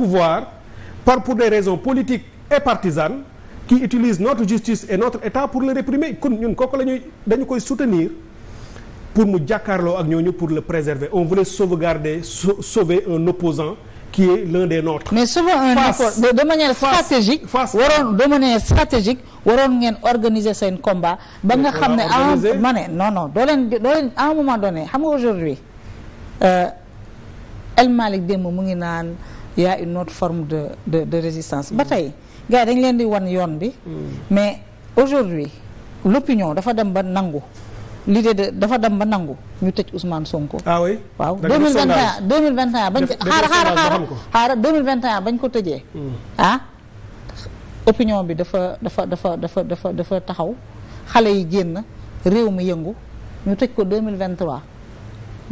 pouvoir par pour des raisons politiques et partisanes qui utilisent notre justice et notre état pour le réprimer kon ñun kooku la dañu koy soutenir pour mu jàkkaarloo ak ñooñu pour le préserver on voulait sauvegarder sauver un opposant qui est l'un des nôtres. mais souvent un effort de, de stratégique. waroon de stratégique waroon ngeen organiser combat. ba nga xam ne à un moment donné xam nga aujourd'hui euh, El Malick démb mu ngi naan. yaa a une autre forme de de de résistance ba tey gars yi dañ leen di wan yoon bi hmm. mais aujourd'hui l'opinion dafa dem ba nangu l'idée de dafa dem ba nangu ñu tëj Ousmane Sonko. ah oui waaw 2021 2021 bañ xaar xaar xaar xaar 2021 bañ ko tëjee hmm. ah? opinion bi dafa dafa dafa dafa dafa dafa taxaw xale yi génn réew mi yëngu ñu tëj ko 2023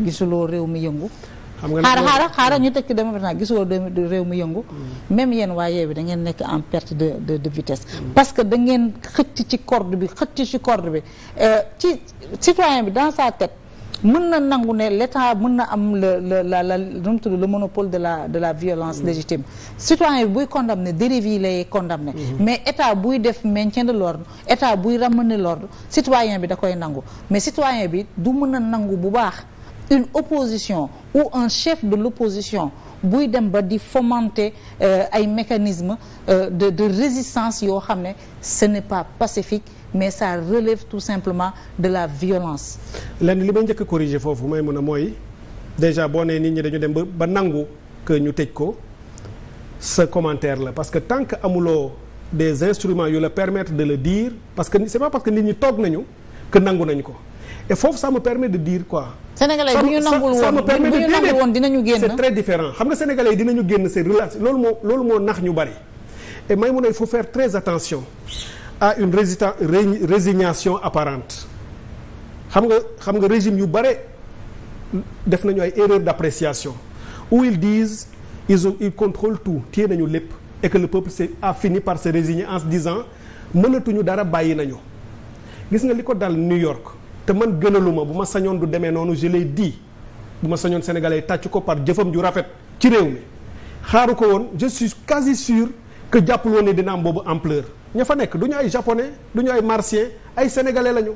gisuloo réew mi yëngu xam nga xaaral xaaral xaaral ñu tekki dama naa gisoo réew mi yëngu. même yéen waaye bi da ngeen nekk en perte de de de vitesse. parce que da ngeen xëcc ci corde bi xëcc ci corde bi euh, ci citoyen bi dans sa tête. mën na nangu ne l'État mën na am la la la la nu mu tudd le monopole de la de la violence légitime citoyen bi buy condamné dérive yi lay condamne mhm. mais état buy def maintien de l'ordre état buy ramener l'ordre citoyen bi da koy nangu mais citoyen bi du mën na nangu bu baax une opposition ou un chef de l'opposition buy dem ba di fomenter euh, ay mécanismes euh, de de résistance yoo xam ne ce n'est pas pacifique mais ça relève tout simplement de la violence. lenn li may njëkk a foofu mooy mun a mooy déjà boo nee nit ñi dañu dem ba ba nangu que ñu tëj ko sa commentaire la parce que tant que amuloo des instruments yu la permettre de le dire parce que c'est pas parce que nit ñi toog nañu que nangu nañ ko. et foofu ça me permet de dire quoi. sénégalais bu ñu nangul woon bu ñu nangul woon dinañu génn. c'est très différent xam nga sénégalais yi dinañu génn seen relation loolu moo loolu moo nax ñu bari et may mu ne il faut faire très attention à une résita résignation apparente xam nga xam nga régime yu bare def nañu ay erreurs d'appréciation où ils disent ils ont ils contrôlent tout téye nañu lépp et que le peuple s'est a fini par se résigner en se disant mënatuñu dara bàyyi nañu gis nga li ko dal New York. te man gënaluma bu ma sañoon du demee noonu je di dit bu ma sañoon sénégalais tàcc ko par jëfam ju rafet ci réew mi xaaru ko woon je suis quasi sûr que jàppul woon ne dina am boobu ampleur ña fa nekk du ñu ay japonais du ñu ay martiens ay sénégalais lañu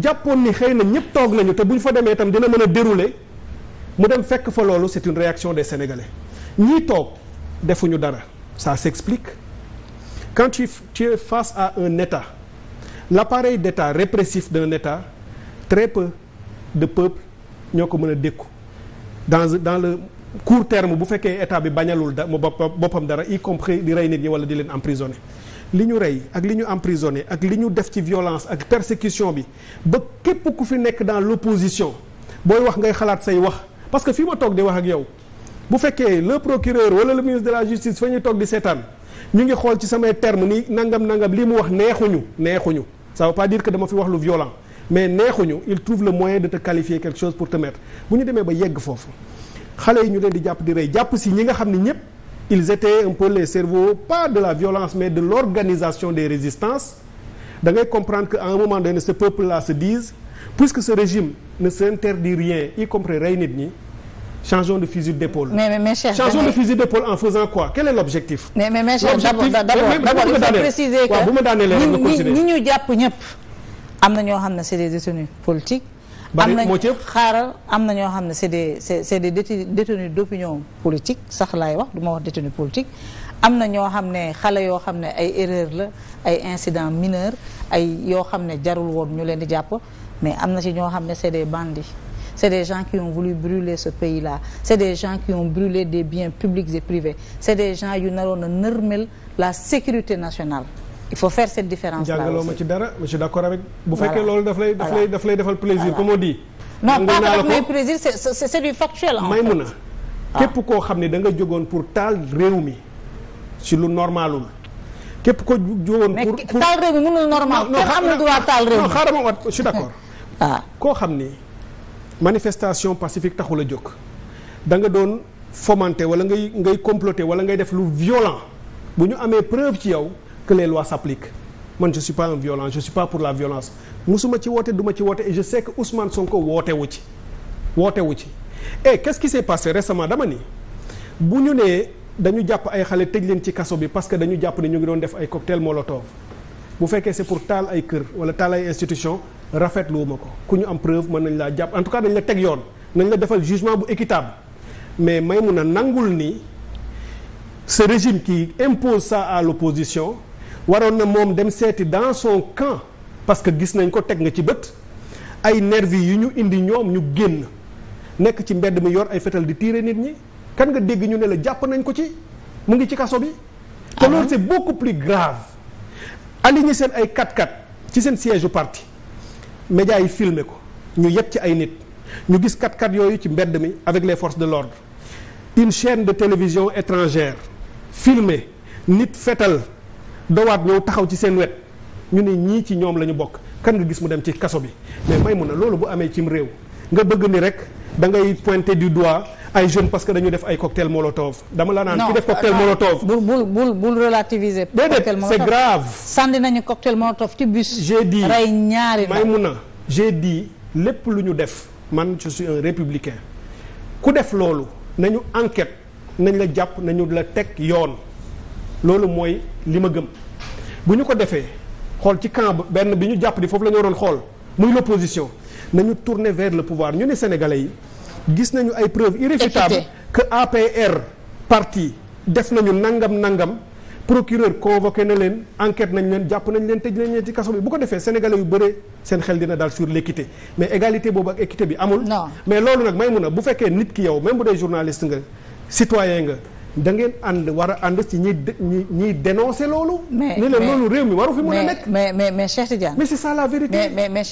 jàppoon ni xëy na ñëpp toog nañu te bu ñu fa demee itam dina mën a dérouler mu dem fekk fa loolu c'est une réaction de sénégalais ñii toog defuñu dara ça s'explique quand tu tu es face à un état l'appareil d'état répressif très peu de peuple ñoo ko mën a dékku dans dans le court terme bu fekkee état bi bañalul da mu boppam dara y compris di rey nit ñi wala di leen emprisonné li ñu rey ak li ñu emprisonné ak li ñu def ci violence ak persécution bi ba képp ku fi nekk dans l'opposition booy wax ngay xalaat say wax parce que fii ma toog di wax ak yow bu fekkee le procureur wala le ministre de la justice fa ñu toog di seetaan ñu ngi xool ci samay termes ni nangam nangam lii mu wax neexuñu neexuñu ça veut pas dire fi wax lu mais neexuñu il trouve le moyen de te qualifier quelque chose pour te mettre bu ñu demee ba yegg foofu xale yi ñu leen di jàpp di rey jàpp si ñi nga xam ne ñëpp ils étaient un peu les cerveaux pas de la violence mais de l'organisation des résistances da ngay comprendre que à un moment donné ce peuple là se dise puisque ce régime ne s'interdit ñi changeons de fusil d'épaule. mais mais mais Cheikh changeons de fusil en faisant quoi quel est l'objectif. mais mais mais Cheikh d'abord d'abord d'abord il faut préciser que waaw bu ma am na ñoo xam ne c'est des détenus politiques. am na xaaral am na ñoo xam ne c'est des c'est c'est des détenus d'opinion politique sax laay wax du ma wax détenu politique. am na ñoo xam ne xale yoo xam ne ay erreur la ay incident mineur ay yoo xam ne jarul woon ñu leen di jàpp mais am na ci ñoo xam ne c'est des bandits. c'est des gens qui ont voulu brûler ce pays-là c'est des gens qui ont brûlé des biens publics et privés c'est des gens yu naroon a nërmel la sécurité nationale il faut faire cette différence là jàngaloo ma ci dara monsieur d'accord avec. bu fekkee loolu daf lay daf lay daf lay defal plaisir comme on dit. non pas daf may plaisir c'est c'est du factuel en fait. Maïmouna ah. képp koo xam ne da nga jógoon pour taal réew mi si lu normalul képp ko jógoon pour pour taal réew mi mënul normal. am na droit taal réew mi non xaaral ma wat je suis d'accord. Ah. koo xam ni manifestation pacifique taxul a jóg da nga doon fomenter wala ngay ngay comploter wala ngay def lu violent bu ñu amee preuve ci yow. que les lois s'appliquent man je suis pas un violent je suis pas pour la violence musuma ci woote duma ci woote et je sais que Ousmane Sonko wootewu ci wootewu ci et eh, qu'est-ce qui s'est passé récemment dama ni bu ñu nee dañu jàpp ay xale tëj leen ci kaso bi parce que dañu jàpp ne ñu ngi doon def ay cocktail molotov bu fekkee c'est pour taal ay kër wala taal ay institution rafetlu ma ko ku ñu am preuve mën nañ laa jàpp en tout dañ la teg yoon nañ la defal jugement bu équitable mais may mun a nangul ni ce régime qui impose ça à l'opposition waroon na moom dem seeti dans son camp parce que gis nañ ko teg nga ci bët ay nervi yu ñu indi ñoom ñu génn nekk ci mbedd mi yor ay fetal di tiire nit ñi kan nga dégg ñu ne la jàpp nañ ko ci mu ngi ci kaso bi te ah loolu c'est beaucoup plus grave aligné seen ay 4-4 ci seen siège parti médias yi filmé ko ñu yet ci ay nit ñu gis 4-4 yooyu ci mbedd mi avec les forces de l'ordre une chaîne de télévision étrangère filmé nit fetal dowaat ñëw taxaw ci seen wet ñu ne ñii ci ñoom la ñu bokk kan nga gis mu dem ci kaso bi mais may mun a loolu bu amee cim réew nga bëgg ni rek da ngay pointer du doigt ay jeunes parce que dañu def ay cocktail molotov dama la naan ki def cocktail molotov bul bul bul bul relativiser déedéet c'est grave sànni nañu cocktail molotov ci bus j'ai dit rey ñaari may mun a j'ai dit lépp lu ñu def man je suis un républicain ku def loolu nañu enquête nañ la jàpp nañu la teg yoon loolu mooy li ma gëm bu ñu ko defee xool ci camp benn bi ñu jàpp di foofu la ñu waroon xool muy l'opposition nañu tourner vers le pouvoir ñu ne sénégalais yi gis nañu ay preuves irréfutables que APR parti def nañu nangam nangam procureur convoqué na leen enquête nañ leen jàpp nañ leen tëj nañ leen ci kaso bi bu ko defee sénégalais yu bëre seen xel dina daal sur l'équité mais égalité boobu ak équité bi amul mais loolu nag may mun a bu fekkee nit ki yow même bu dee journaliste nga citoyen nga da ngeen ànd war a ànd ci ñiy ñi ñiy dénoncer loolu. mais ni la loolu réew mi waru fi mën nekk. mais mais mais Cheikh Tidiane. mais c'est vérité